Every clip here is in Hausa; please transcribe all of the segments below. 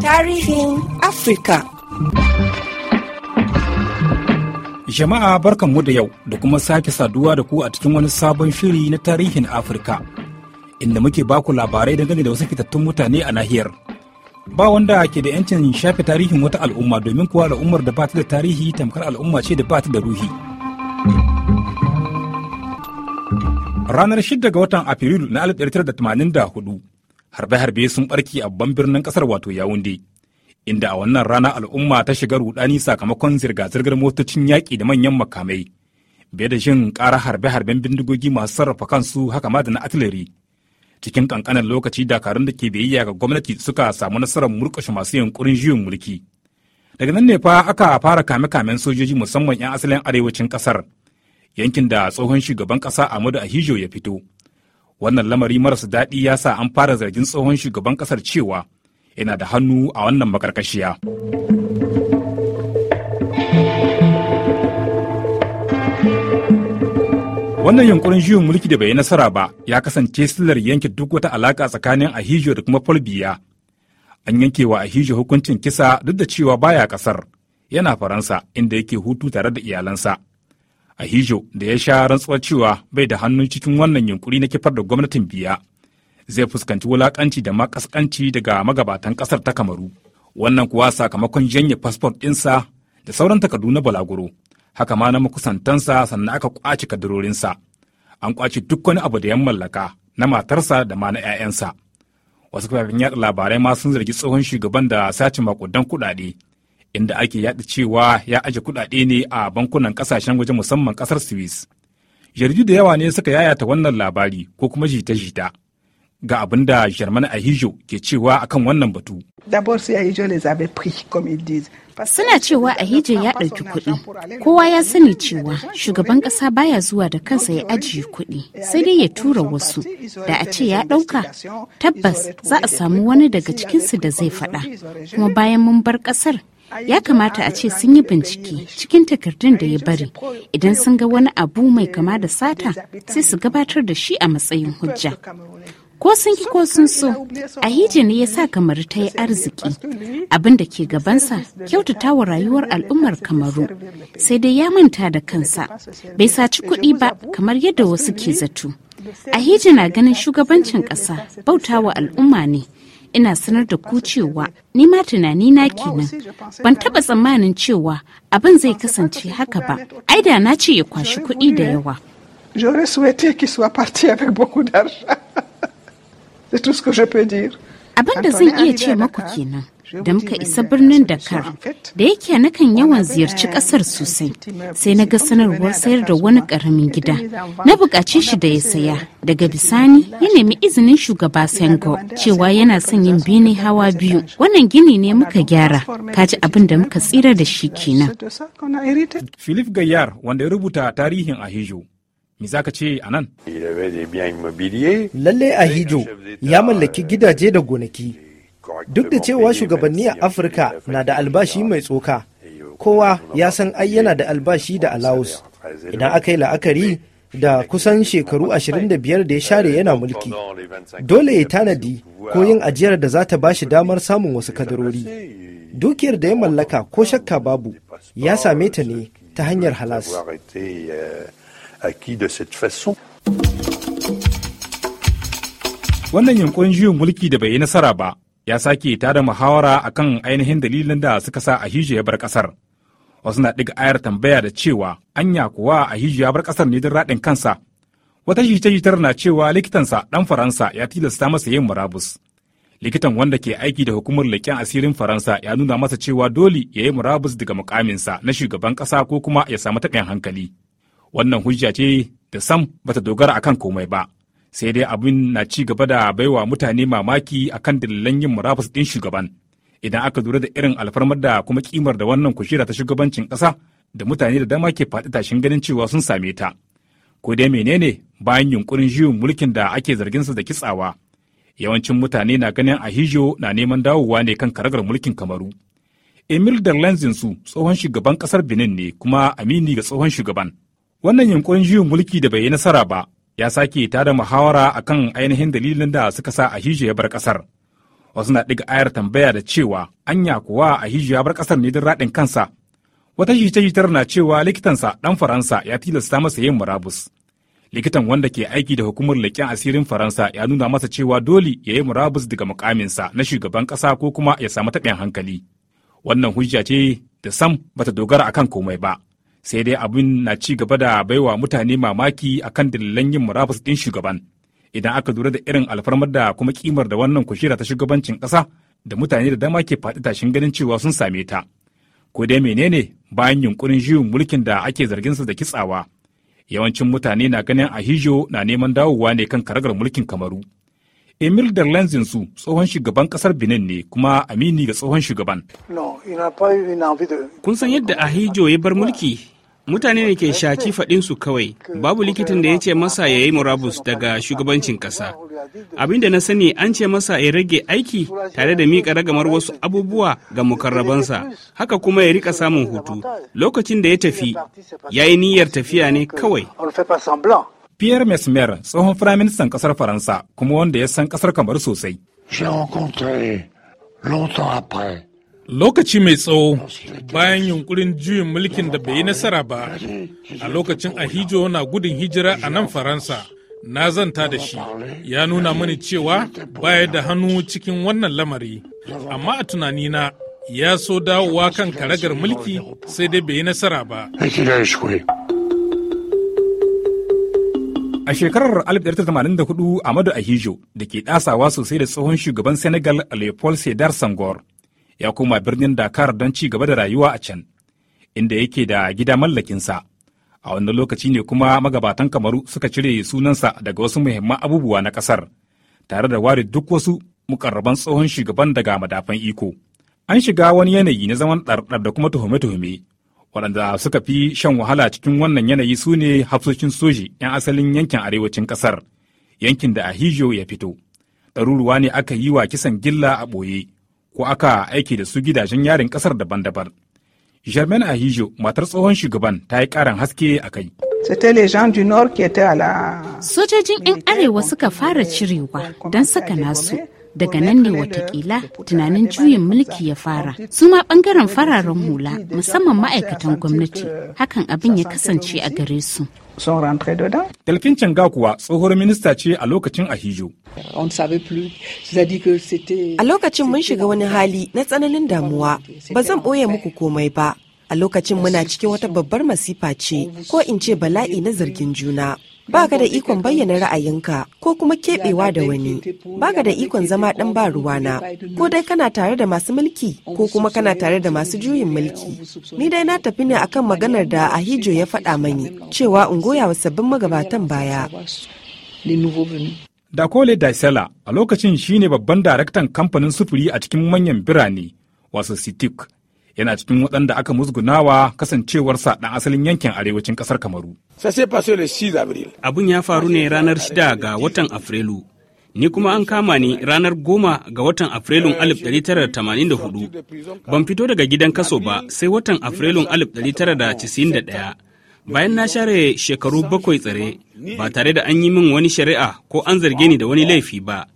Tarihin Afirka Jama'a Barkan mu da yau da kuma sake saduwa da ku a cikin wani sabon shiri na tarihin Afirka, inda muke baku labarai dangane da wasu fitattun mutane a nahiyar. Ba wanda ke da 'yancin shafe tarihin wata al'umma domin kuwa al'ummar da ba ta da tarihi tamkar al'umma ce da ba ta da ruhi. Ranar 6 ga watan Afrilu na 1984 harbe-harbe sun barki a babban birnin kasar wato yawundi inda a wannan rana al'umma ta shiga rudani sakamakon zirga-zirgar motocin yaƙi da manyan makamai bai da shin ƙara harbe-harben bindigogi masu sarrafa kansu haka ma da na atileri cikin ƙanƙanin lokaci dakarun da ke biyayya ga gwamnati suka samu nasarar murƙushe masu yunkurin juyin mulki daga nan ne fa aka fara kame-kamen sojoji musamman 'yan asalin arewacin ƙasar yankin da tsohon shugaban ƙasa amadu Ahijo ya fito wannan lamari marasa daɗi ya sa an fara zargin tsohon shugaban ƙasar cewa yana da hannu a wannan makarkashiya. wannan yunkurin juyin mulki da bai yi nasara ba ya kasance silar yanke duk wata alaƙa tsakanin ahijo da kuma folbiya an yanke wa ahijo hukuncin kisa duk da cewa baya kasar yana faransa inda yake hutu tare da iyalansa ahijo da ya sha rantsuwar cewa bai da hannun cikin wannan yunkuri na kifar da gwamnatin biya zai fuskanci wulakanci da makaskanci daga magabatan ƙasar ta kamaru wannan kuwa sakamakon janye fasfot ɗinsa da sauran takardu na balaguro haka ma na makusantansa sannan aka kwace kadarorinsa an ƙwace duk wani abu da ya mallaka na matarsa da ma na 'ya'yansa wasu kafafen yaɗa labarai ma sun zargi tsohon shugaban da sace makudan kuɗaɗe inda ake yada cewa ya aje kuɗaɗe ne a bankunan ƙasashen waje musamman ƙasar Swiss. Jaridu da yawa ne suka yayata wannan labari ko kuma jita-jita. ga abin da Germain Ahijo ke cewa akan wannan batu. Suna cewa Ahijo ya ɗauki kuɗi. Kowa ya sani cewa shugaban ƙasa baya zuwa da kansa ya ajiye kuɗi, sai dai ya tura wasu. Da a ce ya ɗauka, tabbas za a samu wani daga cikinsu da zai faɗa. Kuma bayan mun bar ƙasar, ya kamata a ce sun yi bincike cikin takardun da ya bari idan sun ga wani abu mai kama da sata sai su gabatar da shi a matsayin hujja ko sun ki ko sun so Ahija ne ya sa kamar ta yi arziki abin da ke gabansa kyautata wa rayuwar al'ummar kamaru sai dai ya manta da kansa bai saci kuɗi ba kamar yadda wasu ke zato Ahija na ganin shugabancin ƙasa bautawa al'umma ne ina sanar da ku cewa ni ma tunani na kenan ban taba tsammanin cewa abin zai kasance haka ba ai da na ce ya kwashi kuɗi da yawa Abin da zan iya ce maku kenan. da muka isa birnin Dakar da yake nakan yawan ziyarci kasar sosai sai na ga sanarwar sayar da wani karamin gida na buƙace shi da ya saya daga bisani ya nemi izinin shugaba Sengo cewa yana son yin bene hawa biyu wannan gini ne muka gyara ka ji abin da muka tsira da shi kenan. Philip Gayyar wanda ya rubuta tarihin Ahijo Me za ka ce a nan? Lalle Ahijo ya mallaki gidaje da gonaki Duk da cewa shugabanni a Afirka na da albashi mai tsoka, kowa ya san ai yana da albashi da alawus. Idan aka yi la'akari da kusan shekaru 25 da biyar da ya share yana mulki, dole ya tanadi ko yin ajiyar da za ta ba shi damar samun wasu kadarori. Dukiyar da ya mallaka ko shakka babu ya same ta ne ta hanyar halas. Wannan yankon juyin mulki da bai yi nasara ba, ya sake tada muhawara akan ainihin dalilin da suka sa Ahijo ya bar kasar. Wasu na ɗiga ayar tambaya da cewa anya kuwa Ahijo ya bar kasar ne don raɗin kansa. Wata jita-jitar na cewa likitansa ɗan Faransa ya tilasta masa yin murabus. Likitan wanda ke aiki da hukumar leƙen asirin Faransa ya nuna masa cewa dole ya yi murabus daga mukaminsa na shugaban ƙasa ko kuma ya samu taɓin hankali. Wannan hujja ce da sam bata dogara akan komai ba. sai dai abin na ci gaba da baiwa mutane mamaki a kan dalilan yin murabus ɗin shugaban idan aka lura da irin alfarmar da kuma kimar da wannan kushira ta shugabancin ƙasa da mutane da dama ke faɗi tashin ganin cewa sun same ta ko dai menene bayan yunkurin juyin mulkin da ake zargin sa da kitsawa yawancin mutane na ganin a na neman dawowa ne kan karagar mulkin kamaru emil darlenzin su tsohon shugaban kasar benin ne kuma amini ga tsohon shugaban wannan yunkurin juyin mulki da bai yi nasara ba ya sake tada muhawara akan ainihin dalilin da suka sa Ahijo ya bar kasar. Wasu na ɗiga ayar tambaya da cewa anya kuwa Ahijo ya bar kasar ne don raɗin kansa. Wata jita na cewa likitansa ɗan Faransa ya tilasta masa yin murabus. Likitan wanda ke aiki da hukumar leƙen asirin Faransa ya nuna masa cewa dole ya yi murabus daga mukaminsa na shugaban ƙasa ko kuma ya samu taɓin hankali. Wannan hujja ce da sam bata dogara akan komai ba. sai dai abin na ci gaba da baiwa mutane mamaki akan dalilan yin murabus ɗin shugaban idan aka lura da irin alfarmar da kuma kimar da wannan kushira ta shugabancin ƙasa da mutane da dama ke faɗi tashin ganin cewa sun same ta ko dai menene bayan yunkurin juyin mulkin da ake zargin sa da kitsawa yawancin mutane na ganin ahijo na neman dawowa ne kan karagar mulkin kamaru Emil su tsohon shugaban kasar Benin ne kuma amini ga tsohon shugaban. Kun san yadda Ahijo ya bar mulki? Mutane ne ke shaci faɗinsu kawai, babu likitan da ya ce masa ya yi murabus daga shugabancin ƙasa. Abin da na sani an ce masa ya rage aiki tare da miƙa ragamar wasu abubuwa ga mukarrabansa, haka kuma ya rika samun hutu. Lokacin da ya tafi, ya yi niyyar tafiya ne kawai. Pierre Mesmer tsohon firaministan ƙasar Faransa kuma wanda ya san ƙasar kamar sosai. Lokaci mai tsawo bayan yunkurin juyin mulkin da bai yi nasara ba a lokacin Ahijo na gudun hijira a nan Faransa. na zanta da shi ya nuna mani cewa baya da hannu cikin wannan lamari amma a tunanina ya so dawowa kan karagar mulki sai dai bai yi nasara ba. A shekarar 1984 Amadu Ahijo da ke ɗasawa sosai da tsohon shugaban Senegal Leopold Sedar Sangor ya koma birnin Dakar don ci gaba da rayuwa a can, inda yake da gida mallakinsa. A wannan lokaci ne kuma magabatan Kamaru suka cire sunansa daga wasu muhimman abubuwa na ƙasar, tare da ware duk wasu mukarraban tsohon shugaban daga madafan iko. An shiga wani yanayi na zaman ɗarɗar da kuma tuhume-tuhume waɗanda suka fi shan wahala cikin wannan yanayi su ne hafsoshin soji 'yan asalin yankin arewacin ƙasar yankin da ahijo ya fito ɗaruruwa ne aka yi wa kisan gilla a ɓoye ko aka aiki da su gidajen yarin ƙasar daban-daban germaine ahijo matar tsohon shugaban ta yi ƙarin haske a kai sojojin 'yan arewa suka fara cirewa don saka nasu daga nan ne watakila tunanin juyin mulki ya fara su ma bangaren fararen hula musamman ma'aikatan gwamnati hakan abin ya kasance a gare su Delphine Changa kuwa tsohuwar minista ce a lokacin Ahijo. A lokacin mun shiga wani hali na tsananin damuwa, ba zan ɓoye muku komai ba. A lokacin muna cikin wata babbar masifa ce, ko in ce bala'i na zargin juna. baka da ikon bayyana ra'ayinka ko kuma keɓewa da wani baka da ikon zama ɗan ba ruwana ko dai kana tare da masu mulki ko kuma kana tare da masu juyin mulki ni dai na tafi ne akan maganar da ahijo ya faɗa mani cewa in goya wa sabbin magabatan baya da da Daisela a lokacin shine babban daraktan kamfanin sufuri a cikin manyan birane wasu Sitik yana cikin waɗanda aka musgunawa kasancewarsa ɗan asalin yankin arewacin ƙasar kamaru abun ya faru ne ranar shida ga watan afrilu ni kuma an kama ni ranar goma ga watan afrilun 1984 ban fito daga gidan kaso ba sai watan afrilun 1991 bayan na share shekaru bakwai tsare ba tare da an yi min wani shari'a ko an zarge ni da wani laifi ba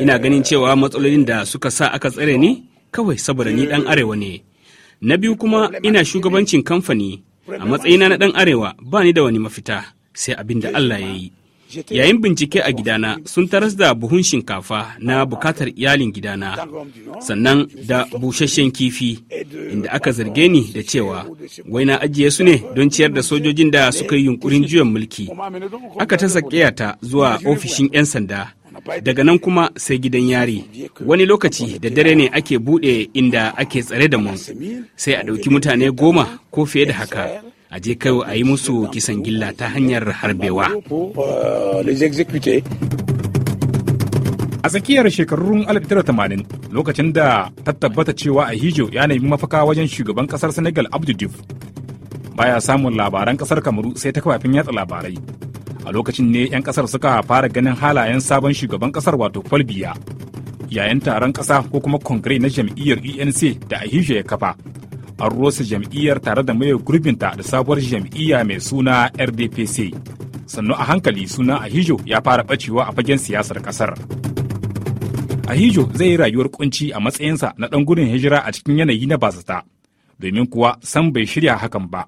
ina ganin cewa matsalolin da suka sa aka tsare ni kawai saboda ni dan arewa ne Na biyu kuma ina shugabancin kamfani a matsayina na ɗan arewa ba ni da wani mafita sai abin da Allah ya yi. Yayin bincike a gidana sun taras da buhun shinkafa na bukatar iyalin gidana sannan da busasshen kifi inda aka zarge ni da cewa wai na ajiye su ne don ciyar da sojojin da suka yi yunkurin juyan mulki. Aka ta zuwa ofishin 'yan sanda daga nan kuma sai gidan yari wani lokaci da dare ne ake buɗe inda ake tsare da mu sai a ɗauki mutane goma ko fiye da haka a je kai a yi musu kisan gilla ta hanyar harbewa a tsakiyar shekarun 1980 lokacin da ta tabbata cewa ahijo ya nemi mafaka wajen shugaban kasar senegal abdu baya samun labaran kasar kamaru sai ta kafafin yatsa labarai a lokacin ne 'yan kasar suka fara ganin halayen sabon shugaban kasar wato paul biya yayin taron kasa ko kuma kongre na jam'iyyar enc da ahisha ya kafa an rosa jam'iyyar tare da maye gurbinta da sabuwar jam'iyya mai suna rdpc sannu a hankali suna ahijo ya fara bacewa a fagen siyasar kasar ahijo zai yi rayuwar kunci a matsayinsa na ɗan gudun hijira a cikin yanayi na bazata domin kuwa san bai shirya hakan ba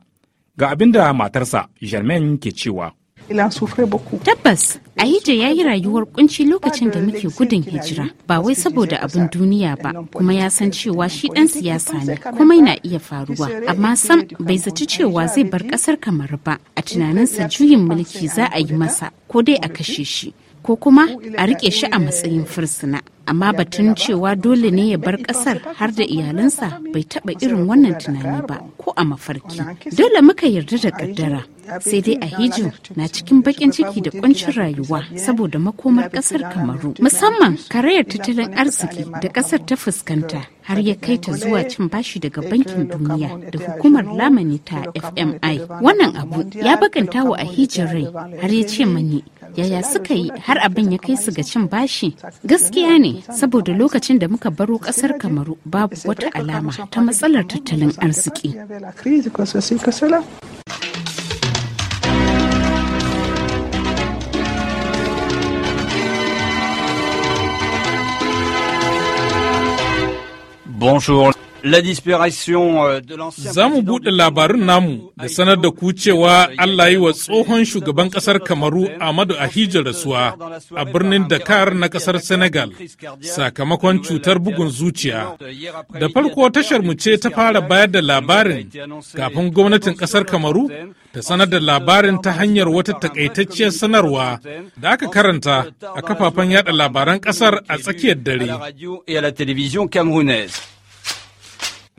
ga abin da matarsa germain ke cewa Tabbas, Ahija ya yi rayuwar kunci lokacin da muke gudun hijira, ba wai saboda abin duniya ba, kuma ya san cewa shi ɗan siyasa ne, kuma na iya faruwa, amma sam bai zaci cewa zai bar ƙasar kamar ba, a tunaninsa juyin mulki za a yi masa, ko dai a kashe shi. ko kuma a rike shi a matsayin fursuna amma batun cewa dole ne ya bar kasar har da iyalinsa bai taɓa irin wannan tunani ba ko a mafarki dole muka yarda da ƙaddara. sai dai a hijin na cikin bakin ciki da kuncin rayuwa saboda makomar kasar kamaru musamman karayar tattalin arziki da kasar ta fuskanta har ya kai ta zuwa cin bashi daga bankin duniya da hukumar lamani ta fmi wannan abu ya bakanta wa a rai har ya ce mani yaya suka yi har abin ya kai su ga cin bashi gaskiya ne saboda lokacin da muka baro kasar kamaru babu wata alama ta matsalar tattalin arziki Bonjour. La euh, Za mu buɗe labarun namu da sanar da ku cewa Allah yi wa tsohon shugaban ƙasar Kamaru Ahmadu Ahija rasuwa a birnin Dakar na ƙasar Senegal sakamakon cutar bugun zuciya. Da farko tashar mu ce ta fara bayar da labarin kafin gwamnatin ƙasar Kamaru ta sanar da euh, labarin ta hanyar wata takaitacciyar sanarwa da aka karanta euh, a kafafen yada labaran ƙasar a tsakiyar dare.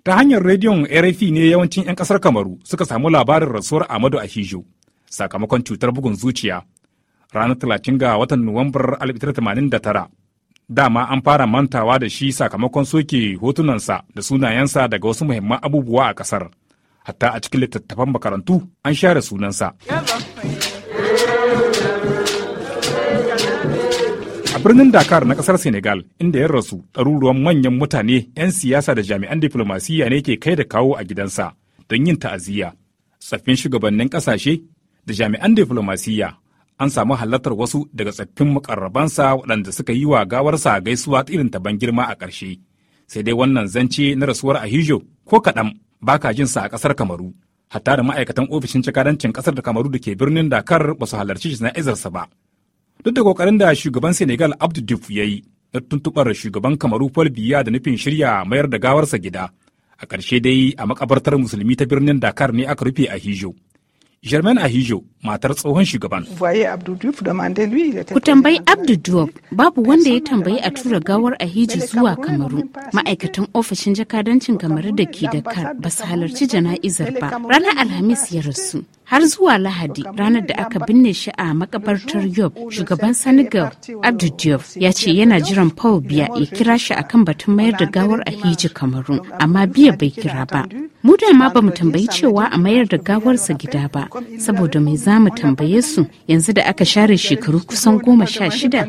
ta hanyar rediyon rfi ne yawancin 'yan kasar kamaru suka samu labarin rasuwar amadu ahijo sakamakon cutar bugun zuciya ranar talatin ga watan nuwambar 1989 dama an fara mantawa da shi sakamakon soke hotunansa da sunayensa daga wasu muhimman abubuwa a kasar hatta a cikin littattafan makarantu an share sunansa birnin dakar na kasar senegal inda ya rasu ɗaruruwan manyan mutane 'yan siyasa da jami'an diflomasiyya ne ke kai da kawo a gidansa don yin ta'aziyya tsaffin shugabannin ƙasashe da jami'an diflomasiyya an samu halartar wasu daga tsaffin makarrabansa waɗanda suka yi wa gawarsa gaisuwa irin ta ban girma a ƙarshe sai dai wannan zance na rasuwar ahijo ko kaɗan baka jin sa a ƙasar kamaru hatta da ma'aikatan ofishin cikadancin ƙasar da kamaru da ke birnin dakar ba su halarci jana'izarsa ba duk da kokarin da shugaban senegal abdu diouf ya yi na tuntubar shugaban kamaru paul biya da nufin shirya mayar da gawarsa gida a ƙarshe dai a makabartar musulmi ta birnin dakar ne aka rufe ahijo germain ahijo matar tsohon shugaban. Ku tambayi Abdu babu wanda ya tambayi a tura gawar Ahiji zuwa Kamaru. Ma'aikatan ofishin jakadancin Kamaru da ke Dakar ba su halarci jana'izar ba. Ranar Alhamis ya rasu. Har zuwa Lahadi ranar da aka binne shi a makabartar Yob, shugaban Senegal Abdu Diop ya ce yana jiran Paul Biya ya kira shi akan batun mayar da gawar Ahiji Kamaru, amma Biya bai kira ba. Mu da ma ba mu tambayi cewa a mayar da gawarsa gida ba, saboda mai za mu tambaye su yanzu da aka share shekaru kusan goma sha shida.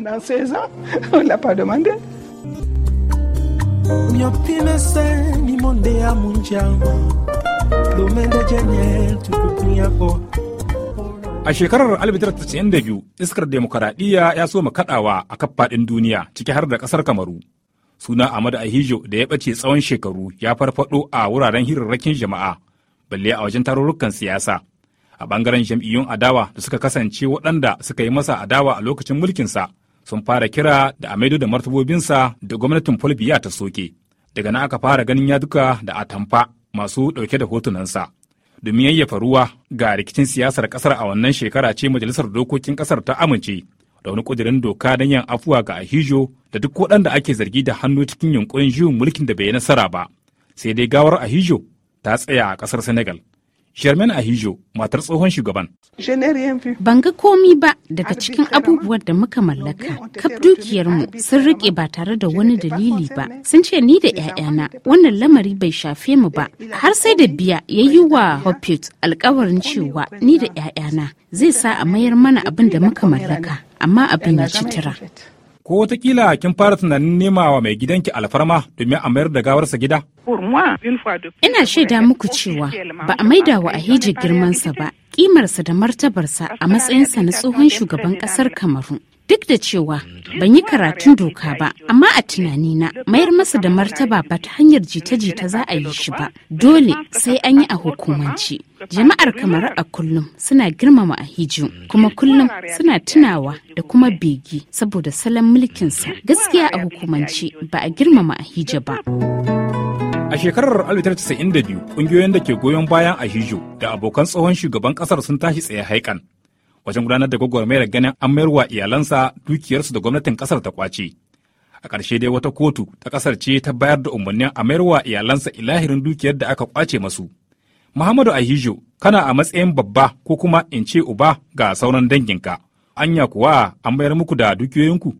A shekarar 1992 iskar demokaradiyya ya so kaɗawa a kafaɗin duniya ciki har da ƙasar Kamaru. Suna Ahmadu Ahijo da ya ɓace tsawon shekaru ya farfaɗo a wuraren hirarrakin jama'a, balle a wajen tarurrukan siyasa. a bangaren jam'iyyun adawa da suka kasance waɗanda suka yi masa adawa a lokacin mulkinsa sun fara kira da a maido da martabobinsa da gwamnatin folbiya ta soke daga na aka fara ganin ya duka da atamfa masu ɗauke da hotunansa domin yayyafa ruwa ga rikicin siyasar ƙasar a wannan shekara ce majalisar dokokin ƙasar ta amince da wani kudirin doka don yin afuwa ga ahijo da duk waɗanda ake zargi da hannu cikin yunkurin juyin mulkin da bai nasara ba sai dai gawar ahijo ta tsaya a ƙasar senegal Germaine Ahijo, matar tsohon shugaban. Ban ga komi ba daga cikin abubuwan da muka mallaka, kaf dukiyarmu sun rike ba tare da wani dalili ba. Sun ce ni da 'ya'yana wannan lamari bai shafe mu ba. Har sai da biya ya yi wa Hoppet alkawarin cewa ni da 'ya'yana zai sa a mayar mana abin da muka mallaka, amma abin ya ci tira. ko watakila kin fara tunanin nema wa mai gidanki alfarma domin a mayar da gawarsa gida? Ina shaida muku cewa ba a maida wa ahije girmansa ba kimarsa da martabarsa a matsayinsa na tsohon shugaban kasar kamaru duk da cewa mm. ban yi karatun doka ba amma a tunanina mayar masa da martaba ba ta hanyar jita-jita za a yi shi ba dole sai an yi a hukumance jama'ar kamar a kullum suna girmama a mm. kuma kullum suna tunawa da kuma begi saboda salon mulkinsa mm. gaskiya a hukumance ba a girmama a ba. A shekarar 1992, ƙungiyoyin da ke goyon bayan Ahijo da abokan tsohon shugaban ƙasar sun tashi tsaye haikan wajen gudanar da gwagwarmayar ganin an mayar iyalansa dukiyarsu da gwamnatin ƙasar ta kwace. A ƙarshe dai wata kotu ta ƙasar ce ta bayar da umarnin a mayar wa iyalansa ilahirin dukiyar da aka kwace masu. Muhammadu Ahijo kana a matsayin babba ko kuma in ce uba ga sauran danginka. Anya kuwa an mayar muku da dukiyoyinku?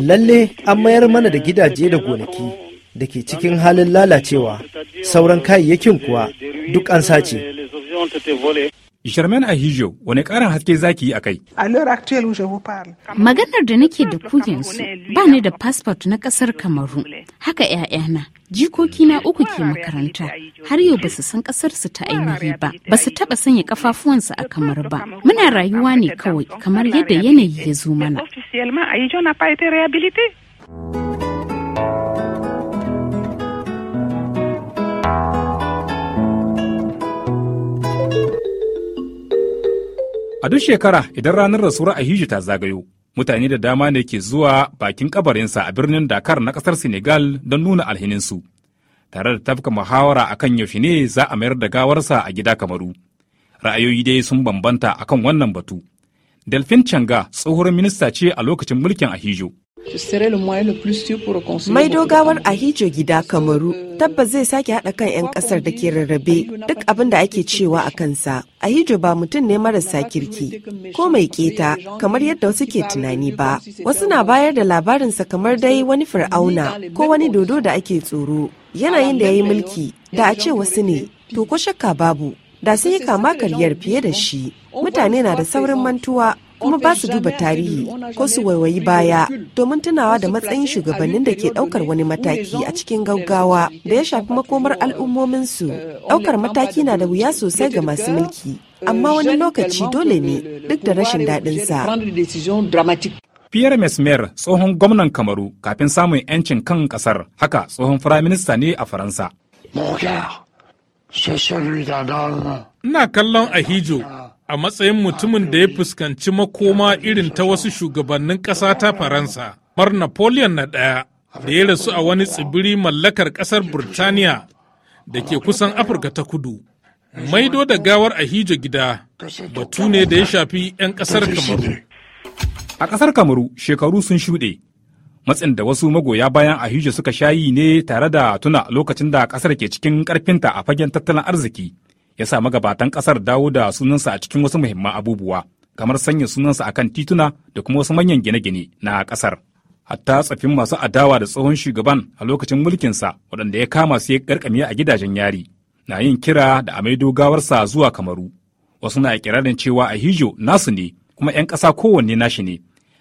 Lalle an mayar mana da gidaje da gonaki. da ke cikin halin lalacewa sauran kayayyakin kuwa duk an sace. Sharman Ahijo, wani ƙarin haske zaki yi a kai? Maganar da nake da ku yanzu ba ni da fasfot na ƙasar Kamaru, haka 'ya'yana. na uku ke makaranta, har yau ba su san su ta ainihi ba, ba su taɓa sanya su a kamar ba. Muna rayuwa ne kawai kamar yadda yanayi ya zo mana. A duk shekara idan ranar rasuwar Ahiju ta zagayo, mutane da dama ne ke zuwa bakin kabarinsa a birnin Dakar na kasar Senegal don nuna alhininsu, tare da tafka muhawara a kan yaushe ne za a mayar da gawarsa a gida kamaru. Ra'ayoyi dai sun bambanta akan wannan batu. Delphine Changa tsohuwar minista ce a lokacin mulkin Ahijo. Mai dogawar Ahijo gida Kamaru tabbas zai sake haɗa kan 'yan ƙasar da ke rarrabe duk abin da ake cewa a kansa. Ahijo ba mutum ne marasa kirki ko mai keta kamar yadda wasu ke tunani ba. Wasu na bayar da labarinsa kamar dai wani fir'auna ko wani dodo da ake tsoro. Yanayin da ya yi mulki da a ce wasu ne to ko shakka babu da sun yi kama karyar fiye da shi. Mutane na da saurin mantuwa kuma ba su duba tarihi ko su waiwayi baya domin tunawa da matsayin shugabannin da ke daukar wani mataki a cikin gaggawa da ya shafi makomar al'ummominsu. daukar mataki na da wuya sosai ga masu mulki, amma wani lokaci dole ne duk da rashin daɗinsa. Pierre Mesmer tsohon gwamnan Kamaru kafin samun 'yancin kan kasar haka tsohon firaminista ne a Faransa. Ina kallon Ahijo a matsayin mutumin da ya fuskanci makoma irin ta wasu shugabannin ƙasa ta Faransa, mar Napoleon na ɗaya da ya rasu a wani tsibiri mallakar ƙasar Burtaniya da ke kusan Afirka ta kudu. Maido da gawar Ahijo gida batu ne da ya shafi 'yan ƙasar Kamaru. A ƙasar Kamaru shekaru sun shuɗe. Matsin da wasu magoya bayan Ahijo suka shayi ne tare da tuna lokacin da ƙasar ke cikin ƙarfinta a fagen tattalin arziki. ya sa magabatan ƙasar dawo da sunansa a cikin wasu muhimman abubuwa kamar sanya sunansa akan tituna da kuma wasu manyan gine-gine na ƙasar. Hatta tsafin masu adawa da tsohon shugaban a lokacin mulkinsa waɗanda ya kama su ya a gidajen yari na yin kira da a maido gawarsa zuwa Kamaru. Wasu na kirarin cewa Ahijo nasu ne kuma 'yan ƙasa kowanne nashi ne.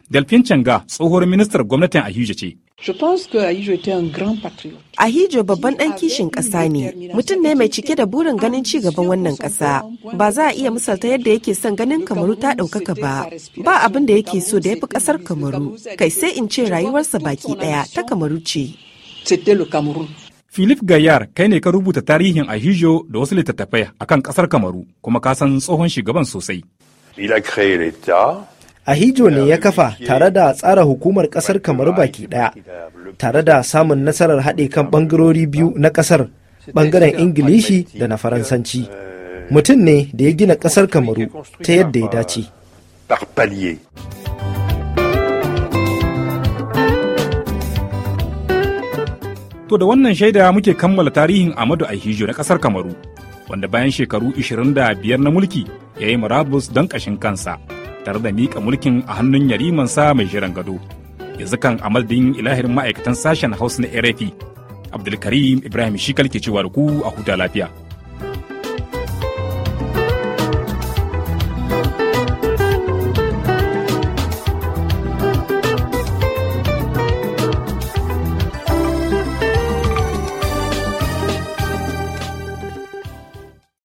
Delphine Changa tsohuwar ministar gwamnatin Ahijo ce Ahijo babban ɗan kishin ƙasa ne, mutum ne mai cike da burin ganin ci gaban wannan ƙasa. Ba za a iya misalta yadda yake son ganin Kamaru ta ɗaukaka ba, ba abin da yake so da ya fi ƙasar Kamaru, kai sai in ce rayuwarsa baki ɗaya ta Kamaru ce. Philip Gayar kai ne ka rubuta tarihin Ahijo da wasu littattafai akan ƙasar Kamaru, kuma ka san tsohon shugaban sosai. Il ahijo ne ya kafa tare da tsara hukumar kasar kamar baki daya tare da samun nasarar haɗe kan ɓangarori biyu na ƙasar ɓangaren ingilishi da na faransanci mutum ne da ya gina ƙasar kamaru ta yadda ya dace To da wannan shaida muke kammala tarihin Amadu Ahijo na ƙasar Kamaru, wanda bayan shekaru 25 na mulki ya yi murabus don ƙashin kansa. tare da miƙa mulkin a hannun yarimansa mai jiran gado yanzu kan amaldin ilahirin ma'aikatan sashen hausa na rfi abdulkarim ibrahim shikal ke cewa da ku a huta lafiya